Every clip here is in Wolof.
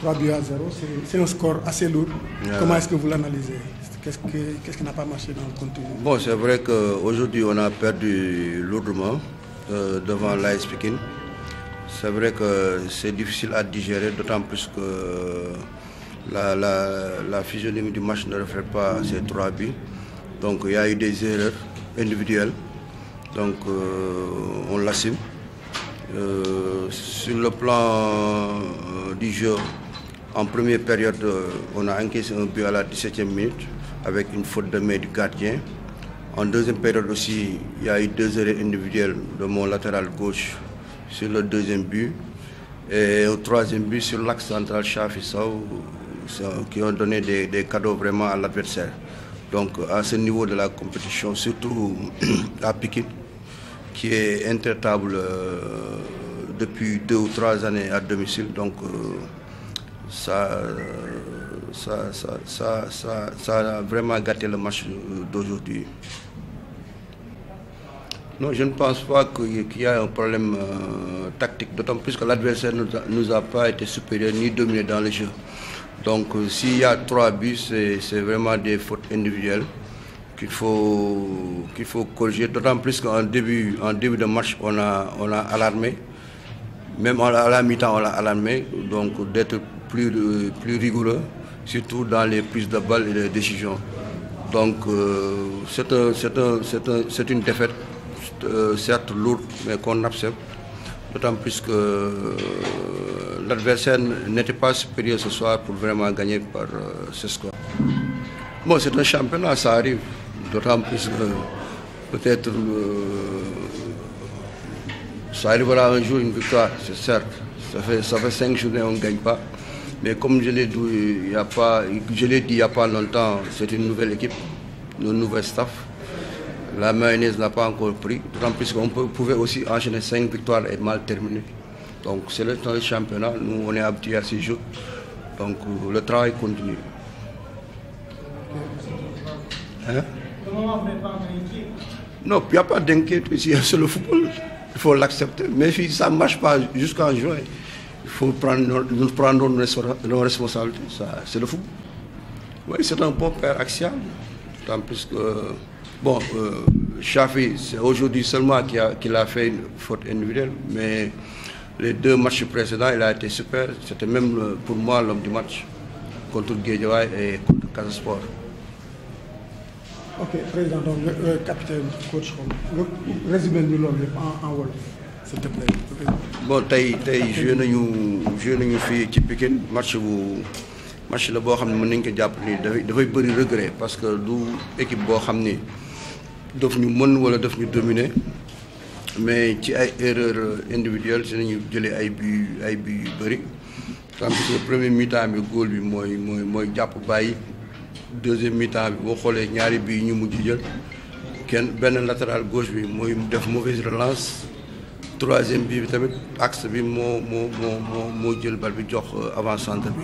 3 buts à 0, c'est un score assez lourd. Comment est-ce que vous l'analysez Qu'est-ce qui qu qu n'a pas marché dans le contenu Bon, c'est vrai qu'aujourd'hui, on a perdu lourdement euh, devant l'AS Pekin. C'est que c'est difficile à digérer, d'autant plus que la, la, la physionomie du match ne reflète pas ces trois buts. Donc il y a eu des erreurs individuelles. Donc euh, on l'assume. Euh, sur le plan euh, du jeu, En première période, euh, on a encaissé un but à la 17e minute avec une faute de main du gardien. En deuxième période aussi, il y a eu deux erreurs individuelles de mon latéral gauche sur le deuxième but. Et au troisième but, sur l'axe central, Chafissau, qui ont donné des, des cadeaux vraiment à l'adversaire. Donc à ce niveau de la compétition, surtout à Pékin, qui est intraitable euh, depuis deux ou trois années à domicile. Donc, euh, ça, ça, ça, ça, ça, ça vraiment gâté le match d'aujourd'hui. Non, je ne pense pas qu'il y a un problème euh, tactique, d'autant plus que l'adversaire ne nous, nous, a pas été supérieur ni dominé dans le jeu. Donc euh, s'il y a trois buts, c'est vraiment des fautes individuelles qu'il faut, qu'il faut corriger, d'autant plus qu'en début, en début de marche on a, on a alarmé. Même à la mi-temps, on a alarmé. Donc d'être plus, euh, plus rigoureux, surtout dans les prises de balles et les décisions. Donc euh, c'est un, un, une défaite, euh, certes lourde, mais qu'on accepte, d'autant plus que euh, l'adversaire n'était pas supérieur ce soir pour vraiment gagner par euh, ce score. Bon, c'est un championnat, ça arrive, d'autant plus que peut-être euh, certes. cinq journées, on ne gagne pas. Mais comme je l'ai dit il y a pas, je l'ai c'est une nouvelle équipe, un nouvel staff. La mayonnaise n'a pas encore pris, d'autant plus qu'on pouvait aussi enchaîner cinq victoires et mal terminer. Donc c'est le temps du championnat, nous on est habitués à ces jeux. Donc le travail continue. Hein? Comment on pas non, il n'y a pas le football. Il faut l'accepter. Mais si ça ne marche pas jusqu'en juin, il faut prendre nos, nous prendre nos responsabilités, ça, c'est le fou. Oui, c'est un bon père axial, tant plus que. Bon, euh, c'est aujourd'hui seulement qu'il a, fait une faute individuelle, mais les deux matchs précédents, il a été super. C'était même euh, pour moi l'homme du match contre Guédiawaye et contre Casasport. Ok, le, le capitaine, coach, s'il te plaît. bon tey tey joué nañu joué nañu fii ci Pikine match bu match la boo xam ne mën nañ ko jàpp nii dafay dafay bëri regret parce que du équipe boo xam ni daf ñu mën wala daf ñu dominer mais ci ay erreurs individuelles si nañu jëlee ay buts ay bi yu bëri. parce que premier mi bi góol bi mooy mooy mooy jàpp bàyyi deuxième mi bi boo xoolee ñaari bi ñu mujj jël kenn benn latéral gauche bi mooy def mauvaise relance. troisième bii bi tamit axe bi moo moo moo moo jël bal bi jox euh, avant centre bi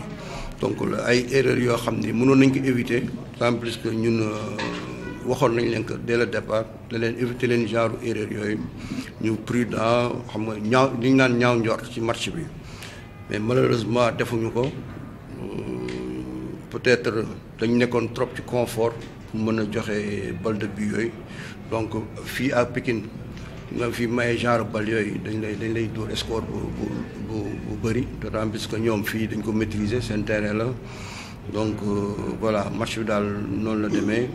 donc ay erreurs yoo xam ni mënoon nañ ko éviter en plus que ñun euh, waxoon nañ leen que dès le départ leen éviter leen genre erreur yooyu ñu prudent xam nga ñaaw li ñu naan ñaaw njort ci match bi mais malheureusement defuñu ko euh, peut-être dañ nekkoon trop ci confort pour mën a joxe bal de but yooyu donc fii à Pikine nga fi maye genre bal yooyu dañ lay dañ lay dóor score bu bu bu bu bëri d'autant plus que ñoom fii dañ ko maîtriser seen terrain la donc euh, voilà match bi daal noonu la demee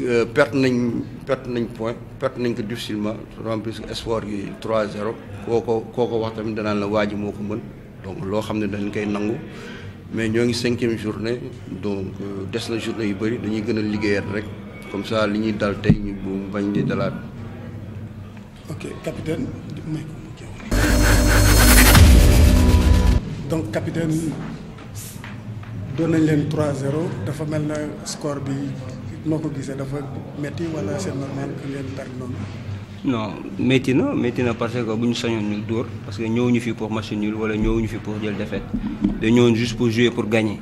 euh, perte nañ perte nañ point perte nañ ko difficilement d'autant plus que sport yi 3-0 koo ko koo ko wax tamit danaan la waa ji moo ko mën donc loo xam ne dañ koy nangu mais ñoo ngi cinquième journée donc euh, des na journée yu bëri dañuy gën a liggéeyaat rek comme ça li ñuy dal tey ñu bu bañ di dalaat ok capitaine may ko mu donc capitaine doon nañ leen trois 0 dafa mel na score bi noo ko gisee dafa métti wala c'est normal que ngeen perdre noonu. non metti na métti na parce que bu ñu sañoon ñu dóor parce que ñu fi pour match nul wala ñëwuñu fi pour jël défaite dañoo juste pour jouer pour gagner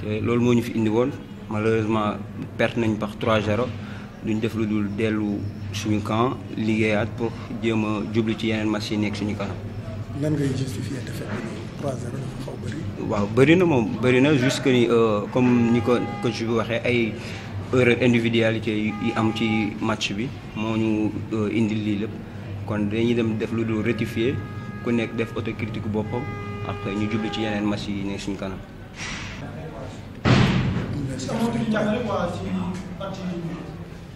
te loolu moo ñu fi indi woon malheureusement perte nañ par 3-0. duñ def lu dul dellu suñu camp liggéeyaat pour jéem a jublu ci yeneen match yi nekk suñu kanam. lan ngay justifier bëri. waaw bëri na moom bëri na juste que ni euh, comme ni ko coach bi waxee ay erreur individualité yi am ci match bi moo ñu euh, indi lii lépp kon dañuy dem def lu dul rectifier ku nekk def autocritique boppam après ñu jublu ci yeneen match yi nekk suñu kanam.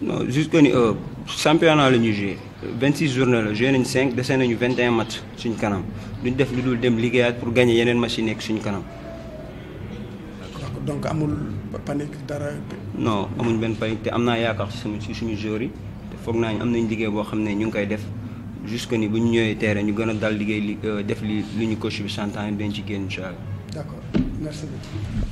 non jusque ni euh, championnat la ñuy joué 26 journée la joué nañ 5 dese nañu 21 match suñ kanam duñ def lu dul dem liggéeyaat pour gagner yeneen match yi nekk suñ kanam. donc amul panique dara. non amuñ benn panique te am naa yaakaar si sama suñu joueurs yi te foog naa am nañ liggéey boo xam ne ñu ngi koy def jusque ni bu ñu ñëwee terrain ñu gën a dal liggéey li euh, def li li ñu coach bi santaan dañ ci génn incha allah. d'accord merci